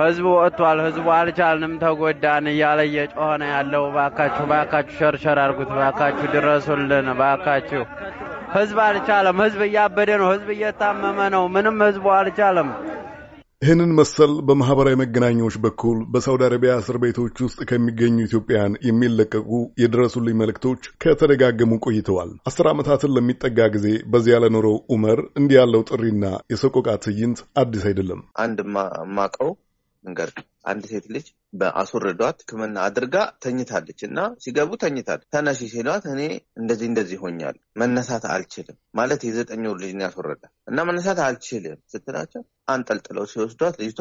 ህዝቡ ወጥቷል፣ ህዝቡ አልቻልንም፣ ተጎዳን እያለ እየጮኸ ነው ያለው። ባካችሁ ባካችሁ ሸርሸር አድርጉት፣ ባካችሁ ድረሱልን፣ ባካችሁ ህዝብ አልቻለም። ህዝብ እያበደ ነው። ህዝብ እየታመመ ነው። ምንም ህዝቡ አልቻለም። ይህንን መሰል በማህበራዊ መገናኛዎች በኩል በሳውዲ አረቢያ እስር ቤቶች ውስጥ ከሚገኙ ኢትዮጵያን የሚለቀቁ የደረሱልኝ መልእክቶች ከተደጋገሙ ቆይተዋል። አስር ዓመታትን ለሚጠጋ ጊዜ በዚያ ለኖረው ኡመር እንዲህ ያለው ጥሪና የሰቆቃ ትዕይንት አዲስ አይደለም። አንድ ማቀው እንገር አንድ ሴት ልጅ በአስወርዷት ሕክምና አድርጋ ተኝታለች እና ሲገቡ ተኝታለች። ተነሺ ሲሏት እኔ እንደዚህ እንደዚህ ሆኛል መነሳት አልችልም ማለት የዘጠኝ ወር ልጅ ያስወረዳል እና መነሳት አልችልም ስትላቸው አንጠልጥለው ሲወስዷት ልጅቷ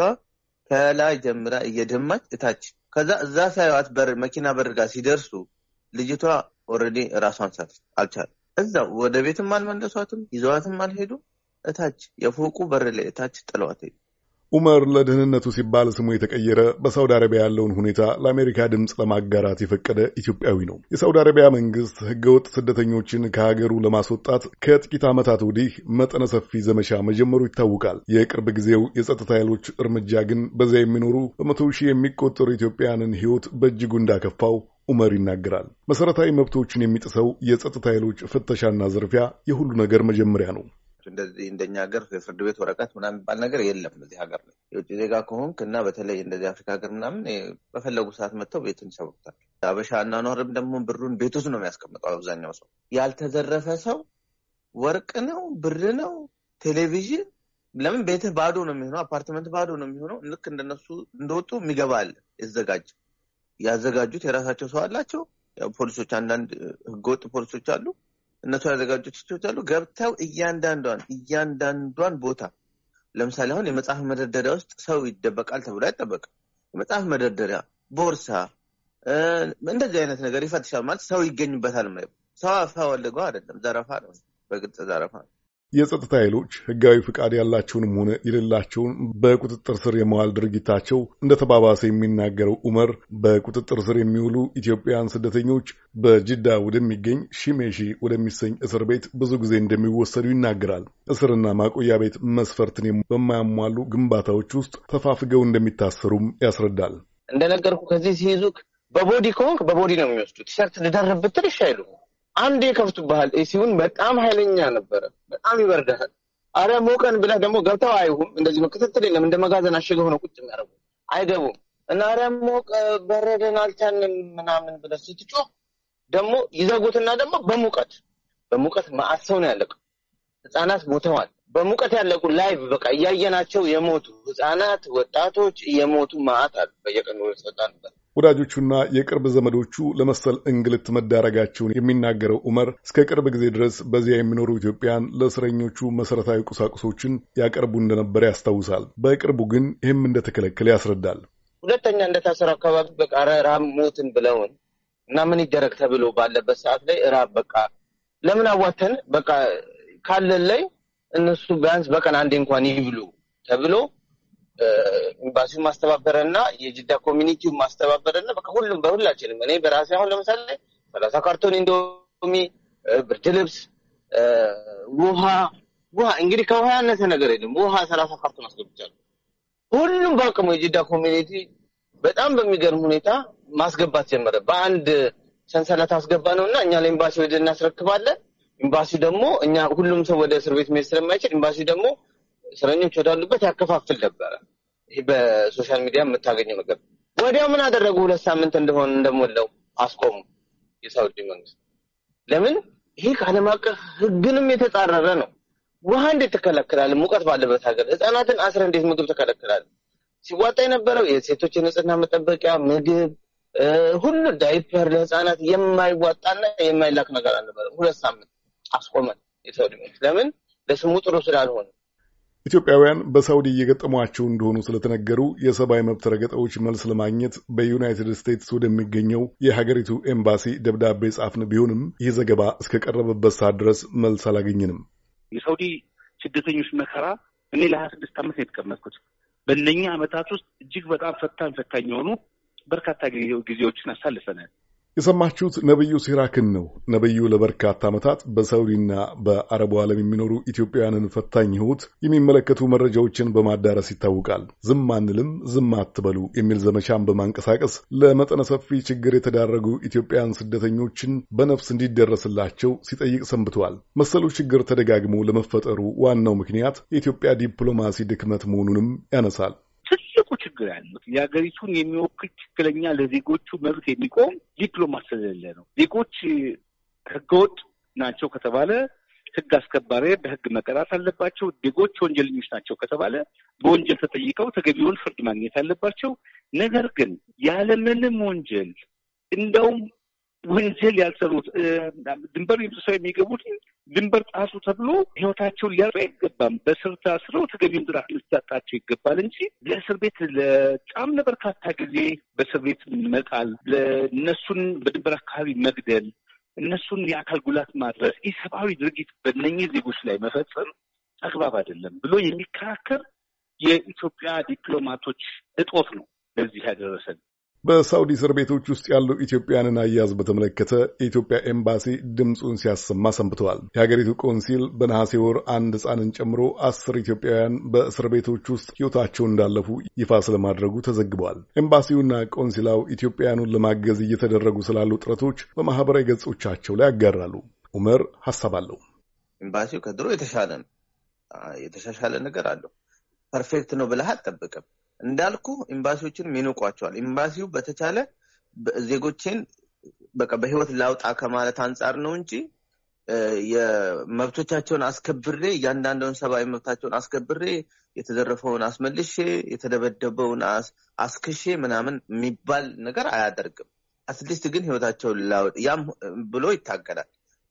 ከላይ ጀምራ እየደማች እታች ከዛ እዛ ሳይዋት በር መኪና በር ጋር ሲደርሱ ልጅቷ ኦልሬዲ ራሷን አልቻለም። እዛው ወደ ቤትም አልመለሷትም፣ ይዘዋትም አልሄዱ። እታች የፎቁ በር ላይ እታች ጥለዋት ሄዱ። ኡመር ለደህንነቱ ሲባል ስሙ የተቀየረ በሳውዲ አረቢያ ያለውን ሁኔታ ለአሜሪካ ድምፅ ለማጋራት የፈቀደ ኢትዮጵያዊ ነው። የሳውዲ አረቢያ መንግስት ህገወጥ ስደተኞችን ከሀገሩ ለማስወጣት ከጥቂት ዓመታት ወዲህ መጠነ ሰፊ ዘመቻ መጀመሩ ይታወቃል። የቅርብ ጊዜው የጸጥታ ኃይሎች እርምጃ ግን በዚያ የሚኖሩ በመቶ ሺህ የሚቆጠሩ ኢትዮጵያውያንን ህይወት በእጅጉ እንዳከፋው ኡመር ይናገራል። መሠረታዊ መብቶችን የሚጥሰው የጸጥታ ኃይሎች ፍተሻና ዝርፊያ የሁሉ ነገር መጀመሪያ ነው። እንደዚህ እንደኛ ሀገር የፍርድ ቤት ወረቀት ምናምን የሚባል ነገር የለም እዚህ ሀገር ላይ የውጭ ዜጋ ከሆንክ እና በተለይ እንደዚህ አፍሪካ ሀገር ምናምን በፈለጉ ሰዓት መጥተው ቤትን ይሰብሩታል። አበሻ አኗኗርም ደግሞ ብሩን ቤት ውስጥ ነው የሚያስቀምጠው አብዛኛው ሰው። ያልተዘረፈ ሰው ወርቅ ነው ብር ነው ቴሌቪዥን ለምን ቤትህ ባዶ ነው የሚሆነው? አፓርትመንት ባዶ ነው የሚሆነው። ልክ እንደነሱ እንደወጡ የሚገባ አለ የተዘጋጀ ያዘጋጁት የራሳቸው ሰው አላቸው። ፖሊሶች አንዳንድ ህገወጥ ፖሊሶች አሉ። እነቱ ያዘጋጁት ሰዎች አሉ። ገብተው እያንዳንዷን እያንዳንዷን ቦታ ለምሳሌ አሁን የመጽሐፍ መደርደሪያ ውስጥ ሰው ይደበቃል ተብሎ አይጠበቅም። የመጽሐፍ መደርደሪያ፣ ቦርሳ፣ እንደዚህ አይነት ነገር ይፈትሻል ማለት ሰው ይገኝበታል። ሰው አፈወልገው አይደለም፣ ዘረፋ ነው፣ በግልጽ ዘረፋ ነው። የጸጥታ ኃይሎች ህጋዊ ፍቃድ ያላቸውንም ሆነ የሌላቸውን በቁጥጥር ስር የመዋል ድርጊታቸው እንደ ተባባሰ የሚናገረው ኡመር በቁጥጥር ስር የሚውሉ ኢትዮጵያውያን ስደተኞች በጅዳ ወደሚገኝ ሺሜሺ ወደሚሰኝ እስር ቤት ብዙ ጊዜ እንደሚወሰዱ ይናገራል። እስርና ማቆያ ቤት መስፈርትን በማያሟሉ ግንባታዎች ውስጥ ተፋፍገው እንደሚታሰሩም ያስረዳል። እንደነገርኩ ከዚህ ሲይዙ በቦዲ ከሆንክ በቦዲ ነው የሚወስዱ። ቲሸርት ልደርብ ብትል ይሻይሉ አንድ የከፍቱብሃል። ኤሲውን በጣም ኃይለኛ ነበረ። በጣም ይበርዳሃል። አረ ሞቀን ብለህ ደግሞ ገብተው አይሁም። እንደዚህ ክትትል የለም። እንደ መጋዘን አሸገ ሆነ ቁጭ የሚያደርጉ አይገቡም። እና አረ ሞቀ በረደን አልቻንም ምናምን ብለህ ስትጮህ ደግሞ ይዘጉትና ደግሞ በሙቀት በሙቀት ማአት ሰው ነው ያለቀው። ህፃናት ሞተዋል። በሙቀት ያለቁ ላይቭ በቃ እያየናቸው የሞቱ ህጻናት፣ ወጣቶች እየሞቱ ማአት አሉ በየቀኑ ወጣንበት ወዳጆቹና የቅርብ ዘመዶቹ ለመሰል እንግልት መዳረጋቸውን የሚናገረው ዑመር እስከ ቅርብ ጊዜ ድረስ በዚያ የሚኖሩ ኢትዮጵያን ለእስረኞቹ መሰረታዊ ቁሳቁሶችን ያቀርቡ እንደነበረ ያስታውሳል። በቅርቡ ግን ይህም እንደተከለከለ ያስረዳል። ሁለተኛ እንደታሰሩ አካባቢ በቃ ኧረ ራብ ሞትን ብለውን እና ምን ይደረግ ተብሎ ባለበት ሰዓት ላይ ራብ በቃ ለምን አዋተን በቃ ካለን ላይ እነሱ ቢያንስ በቀን አንዴ እንኳን ይብሉ ተብሎ ኤምባሲው ማስተባበረና የጅዳ ኮሚኒቲው ማስተባበረና በቃ ሁሉም በሁላችንም እኔ በራሴ አሁን ለምሳሌ ሰላሳ ካርቶን እንደሚ ብርድ ልብስ፣ ውሃ ውሃ እንግዲህ ከውሃ ያነሰ ነገር የለም። ውሃ ሰላሳ ካርቶን አስገብቻለሁ። ሁሉም በአቅሙ የጅዳ ኮሚኒቲ በጣም በሚገርም ሁኔታ ማስገባት ጀመረ። በአንድ ሰንሰለት አስገባ ነው እና እኛ ለኤምባሲ ወደ እናስረክባለን ኤምባሲ ደግሞ እኛ ሁሉም ሰው ወደ እስር ቤት መሄድ ስለማይችል ኤምባሲ ደግሞ እስረኞች ወዳሉበት ያከፋፍል ነበረ። ይህ በሶሻል ሚዲያ የምታገኘው ነገር። ወዲያው ምን አደረጉ? ሁለት ሳምንት እንደሆነ እንደሞላው አስቆሙ። የሳውዲ መንግስት ለምን? ይህ ከዓለም አቀፍ ህግንም የተጻረረ ነው። ውሃ እንዴት ትከለክላል? ሙቀት ባለበት ሀገር ህጻናትን አስረ እንዴት ምግብ ትከለክላል? ሲዋጣ የነበረው የሴቶች የንጽህና መጠበቂያ ምግብ፣ ሁሉ ዳይፐር ለህፃናት የማይዋጣና የማይላክ ነገር አልነበረ። ሁለት ሳምንት አስቆመን። የሳውዲ መንግስት ለምን ለስሙ ጥሩ ስላልሆነ ኢትዮጵያውያን በሳውዲ እየገጠሟቸው እንደሆኑ ስለተነገሩ የሰብአዊ መብት ረገጣዎች መልስ ለማግኘት በዩናይትድ ስቴትስ ወደሚገኘው የሀገሪቱ ኤምባሲ ደብዳቤ ጻፍን። ቢሆንም ይህ ዘገባ እስከቀረበበት ሰዓት ድረስ መልስ አላገኘንም። የሳውዲ ስደተኞች መከራ እኔ ለሀያ ስድስት ዓመት ነው የተቀመጥኩት። በእነኛ ዓመታት ውስጥ እጅግ በጣም ፈታኝ ፈታኝ የሆኑ በርካታ ጊዜዎችን አሳልፈናል። የሰማችሁት ነቢዩ ሲራክን ነው። ነቢዩ ለበርካታ ዓመታት በሳውዲና በአረቡ ዓለም የሚኖሩ ኢትዮጵያውያንን ፈታኝ ሕይወት የሚመለከቱ መረጃዎችን በማዳረስ ይታወቃል። ዝም አንልም፣ ዝም አትበሉ የሚል ዘመቻን በማንቀሳቀስ ለመጠነ ሰፊ ችግር የተዳረጉ ኢትዮጵያውያን ስደተኞችን በነፍስ እንዲደረስላቸው ሲጠይቅ ሰንብተዋል። መሰሉ ችግር ተደጋግሞ ለመፈጠሩ ዋናው ምክንያት የኢትዮጵያ ዲፕሎማሲ ድክመት መሆኑንም ያነሳል። እኮ ችግር ያለው የሀገሪቱን የሚወክል ትክክለኛ ለዜጎቹ መብት የሚቆም ዲፕሎማት ስለሌለ ነው። ዜጎች ህገወጥ ናቸው ከተባለ ህግ አስከባሪ በህግ መቀጣት አለባቸው። ዜጎች ወንጀለኞች ናቸው ከተባለ በወንጀል ተጠይቀው ተገቢውን ፍርድ ማግኘት አለባቸው። ነገር ግን ያለምንም ወንጀል እንደውም ወንጀል ያልሰሩት ድንበር ጥሰው የሚገቡት ድንበር ጣሱ ተብሎ ህይወታቸውን ሊያጡ አይገባም። በስር ታስረው ተገቢውን ቅጣት ሊሰጣቸው ይገባል እንጂ ለእስር ቤት ለጫም ለበርካታ ጊዜ በእስር ቤት መጣል፣ ለእነሱን በድንበር አካባቢ መግደል፣ እነሱን የአካል ጉላት ማድረስ፣ ኢሰብአዊ ድርጊት በእነኚህ ዜጎች ላይ መፈጸም አግባብ አይደለም ብሎ የሚከራከር የኢትዮጵያ ዲፕሎማቶች እጦት ነው ለዚህ ያደረሰን። በሳውዲ እስር ቤቶች ውስጥ ያሉ ኢትዮጵያንን አያያዝ በተመለከተ የኢትዮጵያ ኤምባሲ ድምፁን ሲያሰማ ሰንብተዋል። የሀገሪቱ ቆንሲል በነሐሴ ወር አንድ ሕፃንን ጨምሮ አስር ኢትዮጵያውያን በእስር ቤቶች ውስጥ ሕይወታቸውን እንዳለፉ ይፋ ስለማድረጉ ተዘግበዋል። ኤምባሲውና ቆንሲላው ኢትዮጵያውያኑን ለማገዝ እየተደረጉ ስላሉ ጥረቶች በማህበራዊ ገጾቻቸው ላይ ያጋራሉ። ኡመር ሀሳብ አለው። ኤምባሲው ከድሮ የተሻለ ነው። የተሻሻለ ነገር አለው። ፐርፌክት ነው ብለህ አትጠብቅም። እንዳልኩ ኤምባሲዎችን ይንቋቸዋል። ኤምባሲው በተቻለ ዜጎችን በቃ በህይወት ላውጣ ከማለት አንጻር ነው እንጂ የመብቶቻቸውን አስከብሬ እያንዳንደውን ሰብአዊ መብታቸውን አስከብሬ የተዘረፈውን አስመልሼ የተደበደበውን አስክሼ ምናምን የሚባል ነገር አያደርግም። አትሊስት ግን ህይወታቸውን ላውጥ ያም ብሎ ይታገላል።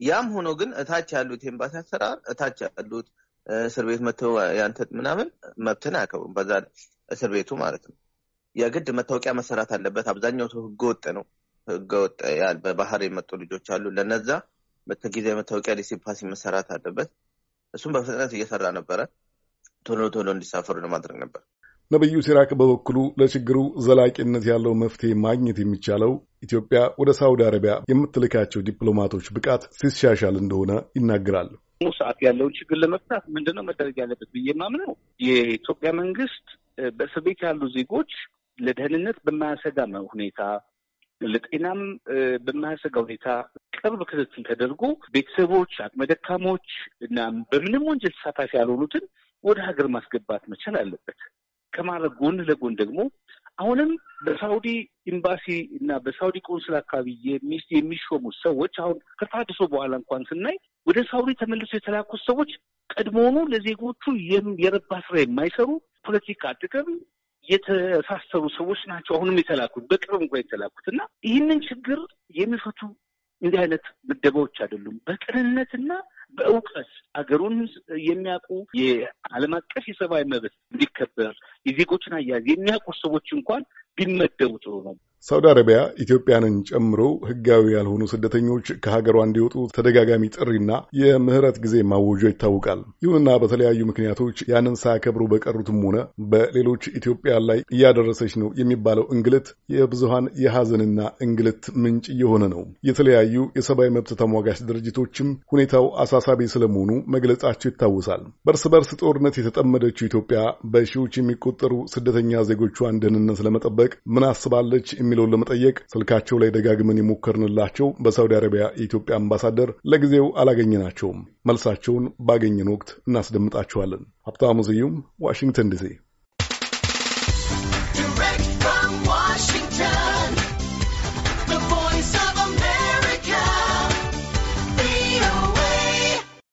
ያም ሆኖ ግን እታች ያሉት ኤምባሲ አሰራር እታች ያሉት እስር ቤት መተው ያንተ ምናምን መብትን አያከብሩም። በዛ እስር ቤቱ ማለት ነው። የግድ መታወቂያ መሰራት አለበት። አብዛኛው ሰው ህገወጥ ነው። ህገወጥ በባህር የመጡ ልጆች አሉ። ለነዛ ጊዜ መታወቂያ ዲሲፓሲ መሰራት አለበት። እሱም በፍጥነት እየሰራ ነበረ። ቶሎ ቶሎ እንዲሳፈሩ ለማድረግ ነበር። ነቢዩ ሲራክ በበኩሉ ለችግሩ ዘላቂነት ያለው መፍትሄ ማግኘት የሚቻለው ኢትዮጵያ ወደ ሳውዲ አረቢያ የምትልካቸው ዲፕሎማቶች ብቃት ሲሻሻል እንደሆነ ይናገራሉ። ሰዓት ያለውን ችግር ለመፍታት ምንድነው መደረግ ያለበት ብዬ ማምነው የኢትዮጵያ መንግስት በእስር ቤት ያሉ ዜጎች ለደህንነት በማያሰጋ ሁኔታ ለጤናም በማያሰጋ ሁኔታ ቅርብ ክትትል ተደርጎ ቤተሰቦች፣ አቅመ ደካሞች እና በምንም ወንጀል ተሳታፊ ያልሆኑትን ወደ ሀገር ማስገባት መቻል አለበት። ከማድረግ ጎን ለጎን ደግሞ አሁንም በሳውዲ ኤምባሲ እና በሳውዲ ቆንስል አካባቢ የሚሾሙት ሰዎች አሁን ከታድሶ በኋላ እንኳን ስናይ ወደ ሳውዲ ተመልሶ የተላኩት ሰዎች ቀድሞውኑ ለዜጎቹ የረባ ስራ የማይሰሩ ፖለቲካ ጥቅም የተሳሰሩ ሰዎች ናቸው። አሁንም የተላኩት በቅርብ እንኳ የተላኩት እና ይህንን ችግር የሚፈቱ እንዲህ አይነት ምደባዎች አይደሉም። በቅንነትና በእውቀት አገሩን የሚያውቁ የዓለም አቀፍ የሰብአዊ መብት እንዲከበር የዜጎችን አያያዝ የሚያውቁ ሰዎች እንኳን ቢመደቡ ጥሩ ነው። ሳውዲ አረቢያ ኢትዮጵያንን ጨምሮ ህጋዊ ያልሆኑ ስደተኞች ከሀገሯ እንዲወጡ ተደጋጋሚ ጥሪና የምህረት ጊዜ ማወጇ ይታወቃል። ይሁንና በተለያዩ ምክንያቶች ያንን ሳያከብሩ በቀሩትም ሆነ በሌሎች ኢትዮጵያ ላይ እያደረሰች ነው የሚባለው እንግልት የብዙሀን የሀዘንና እንግልት ምንጭ እየሆነ ነው። የተለያዩ የሰብአዊ መብት ተሟጋች ድርጅቶችም ሁኔታው አሳሳቢ ስለመሆኑ መግለጻቸው ይታወሳል። በእርስ በርስ ጦርነት የተጠመደችው ኢትዮጵያ በሺዎች የሚቆጠሩ ስደተኛ ዜጎቿን ደህንነት ለመጠበቅ ምን አስባለች? የሚለውን ለመጠየቅ ስልካቸው ላይ ደጋግመን የሞከርንላቸው በሳውዲ አረቢያ የኢትዮጵያ አምባሳደር ለጊዜው አላገኘናቸውም። መልሳቸውን ባገኘን ወቅት እናስደምጣችኋለን። ሀብታሙ ስዩም ዋሽንግተን ዲሲ